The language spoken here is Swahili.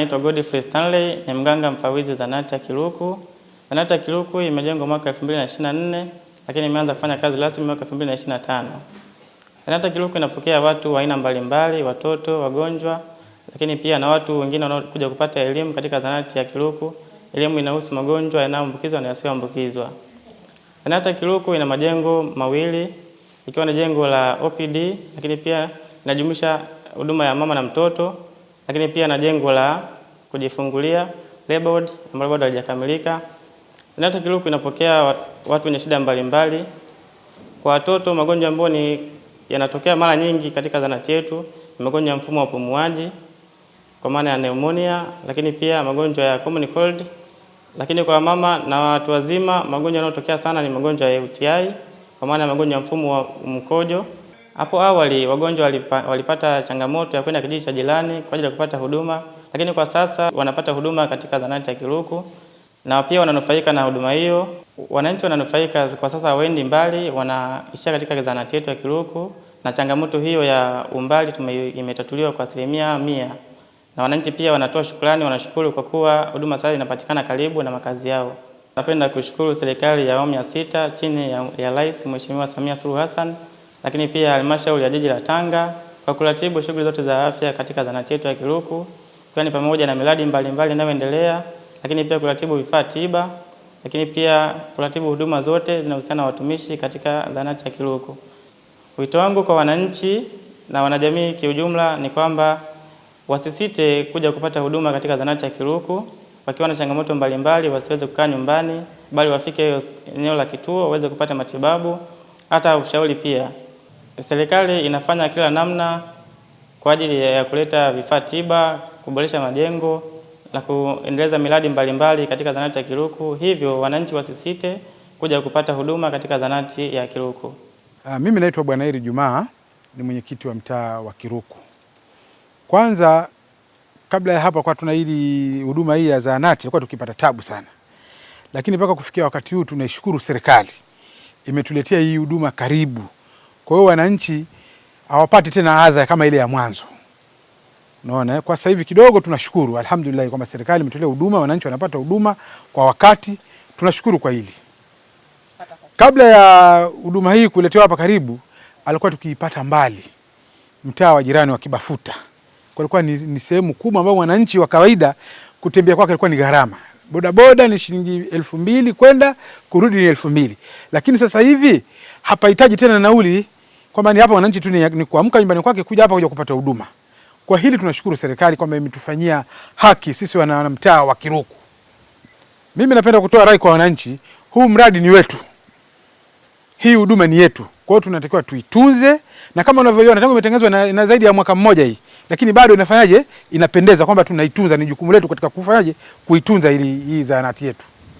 Naitwa Godfrey Stanley ni mganga mfawidhi zanati ya Kiruku. Zanati ya Kiruku imejengwa mwaka 2024 lakini imeanza kufanya kazi rasmi mwaka 2025. Zanati ya Kiruku inapokea watu wa aina mbalimbali, watoto, wagonjwa, lakini pia na watu wengine wanaokuja kupata elimu katika zanati ya Kiruku. Elimu inahusu magonjwa yanayoambukizwa na yasiyoambukizwa. Zanati ya Kiruku ina majengo mawili ikiwa na jengo la OPD lakini pia inajumuisha huduma ya mama na mtoto lakini pia na jengo la kujifungulia labord ambalo bado halijakamilika. Nyota Kiluku inapokea watu wenye shida mbalimbali. Kwa watoto, magonjwa ambayo ni yanatokea mara nyingi katika zanati yetu ni magonjwa ya mfumo wa upumuaji kwa maana ya pneumonia, lakini pia magonjwa ya common cold. Lakini kwa mama na watu wazima, magonjwa yanayotokea sana ni magonjwa ya UTI kwa maana ya magonjwa ya mfumo wa mkojo. Hapo awali wagonjwa walipata changamoto ya kwenda kijiji cha jirani kwa ajili ya kupata huduma, lakini kwa sasa wanapata huduma katika zahanati ya Kiruku na pia wananufaika na huduma hiyo. Wananchi wananufaika kwa sasa, hawaendi mbali, wanaishia katika zahanati yetu ya Kiruku na changamoto hiyo ya umbali imetatuliwa kwa asilimia mia, na wananchi pia wanatoa shukrani, wanashukuru kwa kuwa huduma sasa inapatikana karibu na makazi yao. Napenda kushukuru serikali ya awamu ya sita chini ya Rais Mheshimiwa Samia Suluhu Hassan lakini pia halmashauri ya jiji la Tanga kwa kuratibu shughuli zote za afya katika zahanati yetu ya Kiruku, ikiwa ni pamoja na miradi mbalimbali inayoendelea, lakini pia kuratibu vifaa tiba, lakini pia kuratibu huduma zote zinahusiana na watumishi katika zahanati ya Kiruku. Wito wangu kwa wananchi na wanajamii kiujumla ni kwamba wasisite kuja kupata huduma katika zahanati ya Kiruku. Wakiwa na changamoto mbalimbali, wasiweze kukaa nyumbani, bali wafike eneo la kituo waweze kupata matibabu hata ushauri pia. Serikali inafanya kila namna kwa ajili ya kuleta vifaa tiba, kuboresha majengo na kuendeleza miradi mbalimbali katika zahanati ya Kiruku. Hivyo wananchi wasisite kuja kupata huduma katika zahanati ya Kiruku. Ha, ah, mimi naitwa Bwana Heri Jumaa, ni mwenyekiti wa mtaa wa Kiruku. Kwanza kabla ya hapo kwa tuna hili huduma hii ya zahanati ilikuwa tukipata tabu sana, lakini mpaka kufikia wakati huu tunaishukuru serikali imetuletea hii huduma karibu kwa hiyo wananchi hawapati tena adha kama ile ya mwanzo. Unaona, eh, kwa sasa hivi kidogo tunashukuru alhamdulillah kwamba serikali imetolea huduma, wananchi wanapata huduma kwa wakati, tunashukuru kwa hili. Kabla ya huduma hii kuletewa hapa karibu, alikuwa tukiipata mbali, mtaa wa jirani wa Kibafuta, kulikuwa ni, ni sehemu kubwa ambayo mwananchi wa kawaida kutembea kwake ilikuwa ni gharama, bodaboda ni shilingi elfu mbili kwenda kurudi ni elfu mbili lakini sasa hivi hapahitaji tena nauli kwamba ni hapa wananchi tu ni kuamka nyumbani kwake kuja hapa kuja kupata huduma. Kwa hili tunashukuru serikali kwamba imetufanyia haki sisi wanamtaa wa Kiruku. Mimi napenda kutoa rai kwa wananchi, huu mradi ni wetu, hii huduma ni yetu, kwa hiyo tunatakiwa tuitunze, na kama unavyoiona tangu imetengenezwa na, na zaidi ya mwaka mmoja hii, lakini bado inafanyaje, inapendeza kwamba tunaitunza. Ni jukumu letu katika kufanyaje, kuitunza ili hii zahanati yetu.